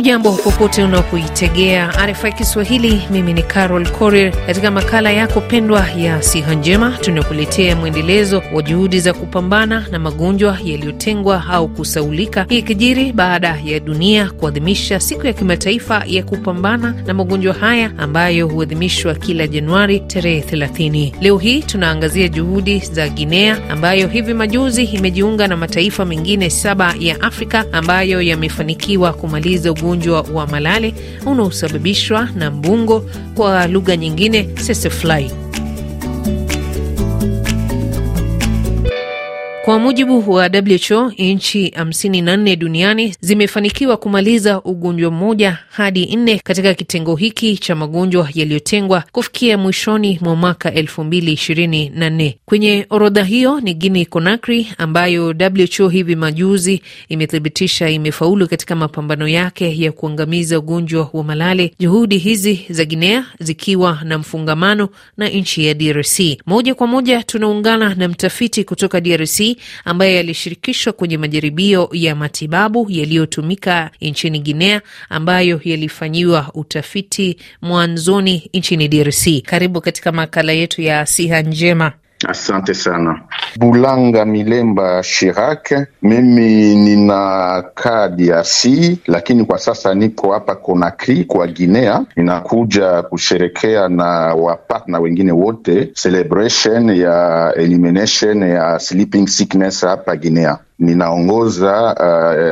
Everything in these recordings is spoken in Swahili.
Ujambo popote unapoitegea RFI Kiswahili. Mimi ni Carol Korir. Katika makala yako pendwa ya siha njema, tunakuletea mwendelezo wa juhudi za kupambana na magonjwa yaliyotengwa au kusaulika. Hii ikijiri baada ya dunia kuadhimisha siku ya kimataifa ya kupambana na magonjwa haya ambayo huadhimishwa kila Januari tarehe 30. Leo hii tunaangazia juhudi za Guinea ambayo hivi majuzi imejiunga na mataifa mengine saba ya Afrika ambayo yamefanikiwa kumaliza ugonjwa wa malale unaosababishwa na mbungo, kwa lugha nyingine sesefly. Kwa mujibu wa WHO, nchi 54 duniani zimefanikiwa kumaliza ugonjwa mmoja hadi nne katika kitengo hiki cha magonjwa yaliyotengwa kufikia mwishoni mwa mwaka 2024. Kwenye orodha hiyo ni Guinea Conakry ambayo WHO hivi majuzi imethibitisha imefaulu katika mapambano yake ya kuangamiza ugonjwa wa malale, juhudi hizi za Guinea zikiwa na mfungamano na nchi ya DRC. Moja kwa moja tunaungana na mtafiti kutoka DRC ambaye yalishirikishwa kwenye majaribio ya matibabu yaliyotumika nchini Guinea ambayo yalifanyiwa utafiti mwanzoni nchini DRC. Karibu katika makala yetu ya siha njema. Asante sana Bulanga Milemba Shirak. Mimi ninakaa DRC, lakini kwa sasa niko hapa Konakri kwa Guinea. Ninakuja kusherekea na wapatna wengine wote celebration ya elimination ya sleeping sickness hapa Guinea ninaongoza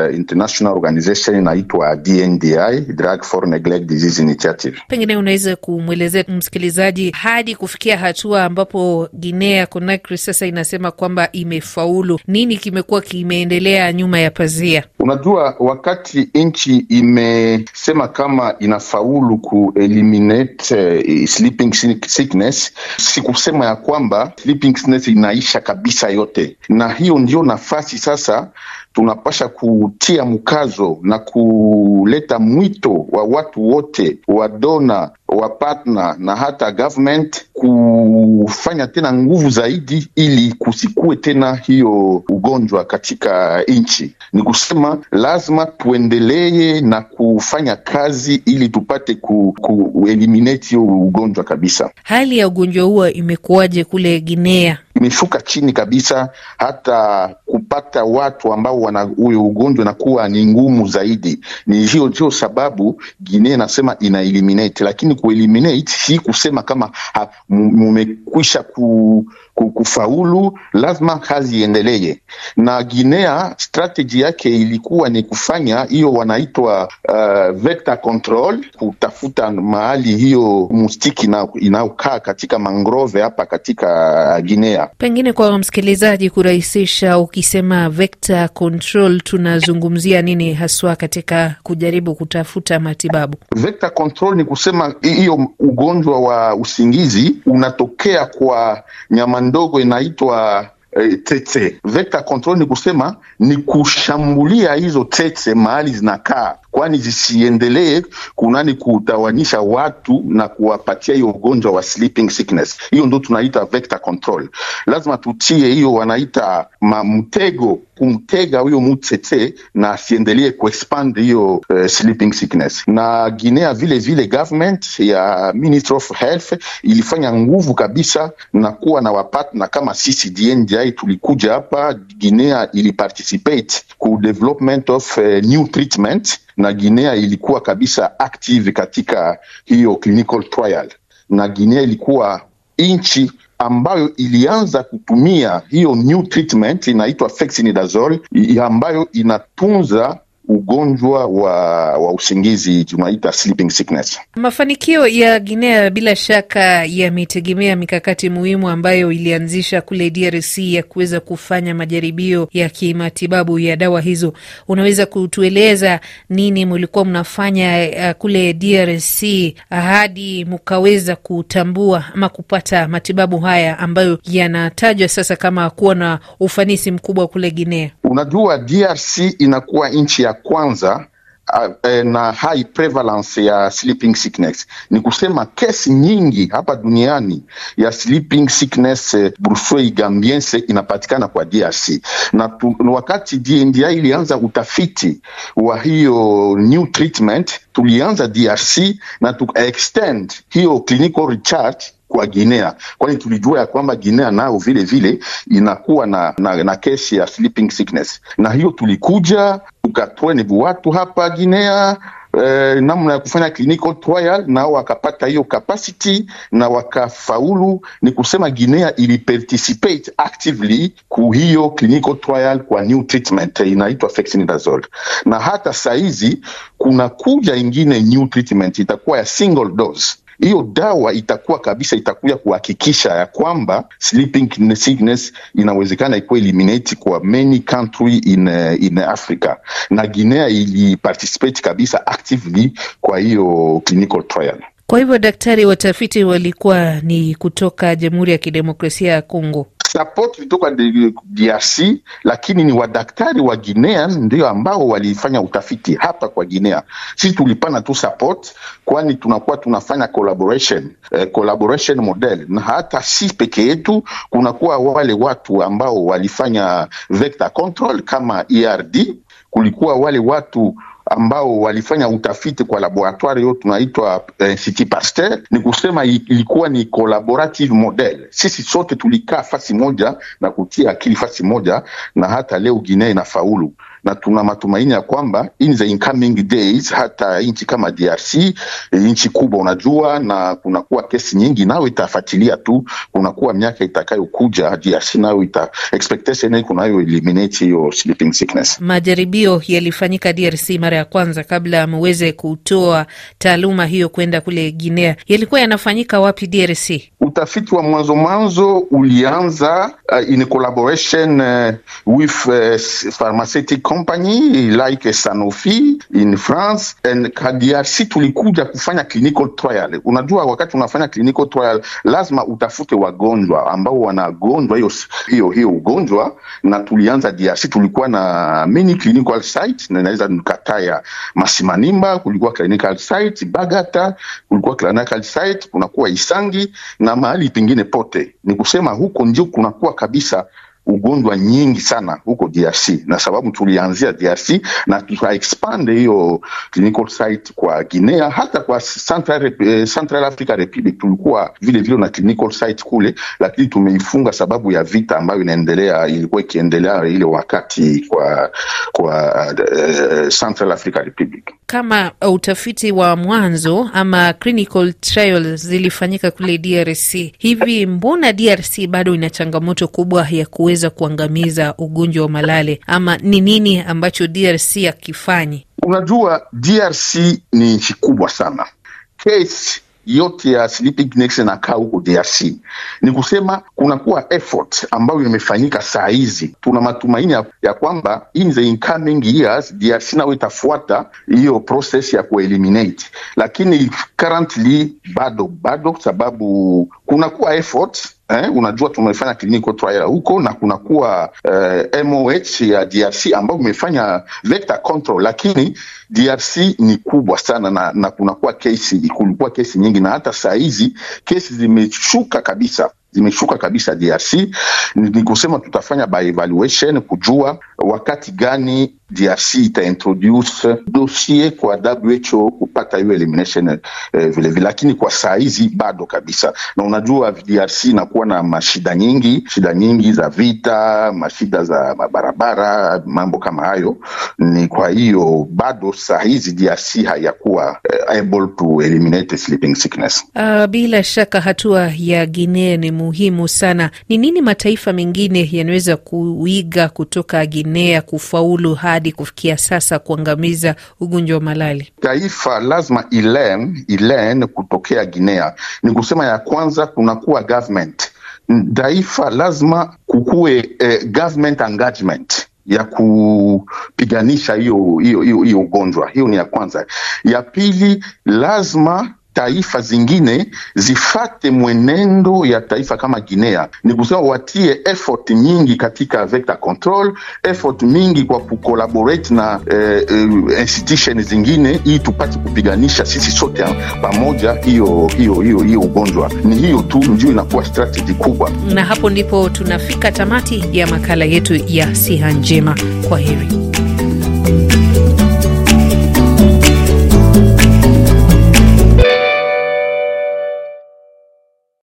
uh, international organization inaitwa DNDi, Drug for Neglect Disease Initiative. Pengine unaweza kumwelezea msikilizaji hadi kufikia hatua ambapo Guinea Conakry sasa inasema kwamba imefaulu, nini kimekuwa kimeendelea nyuma ya pazia? Unajua, wakati nchi imesema kama inafaulu kueliminate uh, eh, sleeping sickness, si kusema ya kwamba sleeping sickness inaisha kabisa yote, na hiyo ndio nafasi sasa sasa tunapasha kutia mkazo na kuleta mwito wa watu wote wa dona wa partner na hata government kufanya tena nguvu zaidi, ili kusikue tena hiyo ugonjwa katika nchi. Ni kusema lazima tuendelee na kufanya kazi ili tupate ku, ku eliminate hiyo ugonjwa kabisa. Hali ya ugonjwa huo imekuwaje kule Guinea? imeshuka chini kabisa, hata kupata watu ambao wana huyo ugonjwa inakuwa ni ngumu zaidi. Ni hiyo ndio sababu Guinea inasema ina eliminate, lakini ku eliminate si kusema kama mumekwisha ku, ku, kufaulu. Lazima kazi iendelee, na Guinea strategy yake ilikuwa ni kufanya hiyo wanaitwa uh, vector control, kutafuta mahali hiyo mustiki inaokaa katika mangrove hapa katika Guinea Pengine kwa msikilizaji kurahisisha, ukisema vector control tunazungumzia nini haswa katika kujaribu kutafuta matibabu? Vector control ni kusema hiyo ugonjwa wa usingizi unatokea kwa nyama ndogo inaitwa eh, tete. Vector control ni kusema ni kushambulia hizo tete mahali zinakaa kwani zisiendelee kunani kutawanyisha watu na kuwapatia hiyo ugonjwa wa sleeping sickness. Hiyo ndo tunaita vector control. Lazima tutie hiyo wanaita mtego, kumtega huyo mutete na asiendelee kuexpand hiyo uh, sleeping sickness. Na Guinea vile vile government ya of Health ilifanya nguvu kabisa na kuwa na wapatna kama sisi DNDi tulikuja hapa Guinea iliparticipate ku development of uh, new treatment na Guinea ilikuwa kabisa active katika hiyo clinical trial, na Guinea ilikuwa nchi ambayo ilianza kutumia hiyo new treatment inaitwa fexinidazole ambayo inatunza ugonjwa wa, wa usingizi tunaita sleeping sickness. Mafanikio ya Guinea bila shaka yametegemea mikakati muhimu ambayo ilianzisha kule DRC ya kuweza kufanya majaribio ya kimatibabu ya dawa hizo. Unaweza kutueleza nini mlikuwa mnafanya eh, kule DRC hadi mkaweza kutambua ama kupata matibabu haya ambayo yanatajwa sasa kama kuwa na ufanisi mkubwa kule Guinea? Unajua, DRC inakuwa nchi ya kwanza e, na high prevalence ya sleeping sickness, ni kusema kesi nyingi hapa duniani ya sleeping sickness e, brucei gambiense inapatikana kwa DRC na tu, wakati DNDi ilianza utafiti wa hiyo new treatment tulianza DRC na tukaextend hiyo clinical research kwa Guinea, kwani tulijua ya kwamba Guinea nao vile vile inakuwa na, na, na kesi ya sleeping sickness, na hiyo tulikuja tukatwene watu hapa Guinea Eh, namna ya kufanya clinical trial na wakapata hiyo capacity na wakafaulu. Ni kusema Guinea ili participate actively ku hiyo clinical trial kwa new treatment eh, inaitwa fexinidazole, na hata saizi kuna kuja ingine new treatment itakuwa ya single dose hiyo dawa itakuwa kabisa, itakuya kuhakikisha ya kwamba sleeping sickness inawezekana ikuwa eliminate kwa many country in, eh, in Africa na Guinea ili participate kabisa actively kwa hiyo clinical trial. Kwa hivyo daktari, watafiti walikuwa ni kutoka Jamhuri ya Kidemokrasia ya Kongo sapoti DRC, lakini ni wadaktari wa Guinea ndio ambao walifanya utafiti hapa kwa Guinea. Sisi tulipana tu support, kwani tunakuwa tunafanya collaboration, eh, collaboration model, na hata si peke yetu, kunakuwa wale watu ambao walifanya vector control kama ERD kulikuwa wale watu ambao walifanya utafiti kwa laboratoire hiyo tunaitwa Institut eh, Pasteur. Ni kusema ilikuwa ni collaborative model, sisi sote tulikaa fasi moja na kutia akili fasi moja, na hata leo Guinea inafaulu na tuna matumaini ya kwamba in the incoming days hata nchi kama DRC eh, nchi kubwa unajua, na kunakuwa kesi nyingi, nayo itafuatilia tu, kunakuwa miaka itakayokuja DRC nayo ita expectation kunayo eliminate hiyo sleeping sickness. Majaribio yalifanyika DRC mara ya kwanza kabla muweze kutoa taaluma hiyo kwenda kule Guinea, yalikuwa yanafanyika wapi DRC? Utafiti wa mwanzo mwanzo ulianza uh, in collaboration uh, with uh, pharmaceutical company like Sanofi in France and KDRC tulikuja kufanya clinical trial. Unajua, wakati unafanya clinical trial lazima utafute wagonjwa ambao wanagonjwa hiyo hiyo hiyo ugonjwa, na tulianza DRC, tulikuwa na many clinical site, na naweza nikataya Masimanimba, kulikuwa clinical site Bagata, kulikuwa clinical site, kunakuwa Isangi na mahali pengine pote. Ni kusema huko ndio kunakuwa kabisa ugonjwa nyingi sana huko DRC, na sababu tulianzia DRC na tukaexpand hiyo clinical site kwa Guinea, hata kwa Central, eh, Central Africa Republic tulikuwa vile vile na clinical site kule, lakini tumeifunga sababu ya vita ambayo inaendelea ilikuwa ikiendelea ile wakati kwa kwa uh, Central Africa Republic. Kama uh, utafiti wa mwanzo ama clinical trials zilifanyika kule DRC, hivi mbona DRC bado ina changamoto kubwa ya kuweza kuweza kuangamiza ugonjwa wa malale, ama ni nini ambacho DRC akifanyi? Unajua, DRC ni nchi kubwa sana, Case yote ya sleeping inakaa huko DRC. Ni kusema kunakuwa effort ambayo imefanyika saa hizi. Tuna matumaini ya, kwamba in the incoming years DRC nayo itafuata hiyo process ya kueliminate, lakini currently bado bado, sababu kunakuwa effort Eh, unajua tumefanya clinical trial huko na kunakuwa eh, MOH ya DRC ambayo umefanya vector control, lakini DRC ni kubwa sana na, na kunakuwa kesi, kulikuwa kesi nyingi na hata saa hizi kesi zimeshuka kabisa zimeshuka kabisa DRC. Ni kusema tutafanya by evaluation kujua wakati gani DRC itaintroduce dosie kwa WHO kupata hiyo elimination vilevile eh, lakini kwa saa hizi bado kabisa, na unajua DRC inakuwa na mashida nyingi, shida nyingi za vita, mashida za mabarabara, mambo kama hayo. Ni kwa hiyo bado saa hizi DRC hayakuwa eh, able to eliminate sleeping sickness. Uh, bila shaka hatua ya Guinea ni muhimu sana. Ni nini mataifa mengine yanaweza kuiga kutoka Guinea kufaulu hai? hadi kufikia sasa kuangamiza ugonjwa wa malali Taifa lazima ilen ilen kutokea Guinea, ni kusema ya kwanza kunakuwa government taifa lazima kukuwe eh, government engagement ya kupiganisha hiyo hiyo hiyo ugonjwa. Hiyo ni ya kwanza. Ya pili lazima taifa zingine zifate mwenendo ya taifa kama Guinea. Ni kusema watie effort nyingi katika vector control, effort mingi kwa kucollaborate na eh, eh institution zingine, ili tupate kupiganisha sisi sote eh, pamoja hiyo hiyo hiyo hiyo ugonjwa. Ni hiyo tu ndio inakuwa strategy kubwa, na hapo ndipo tunafika tamati ya makala yetu ya siha njema. Kwa heri.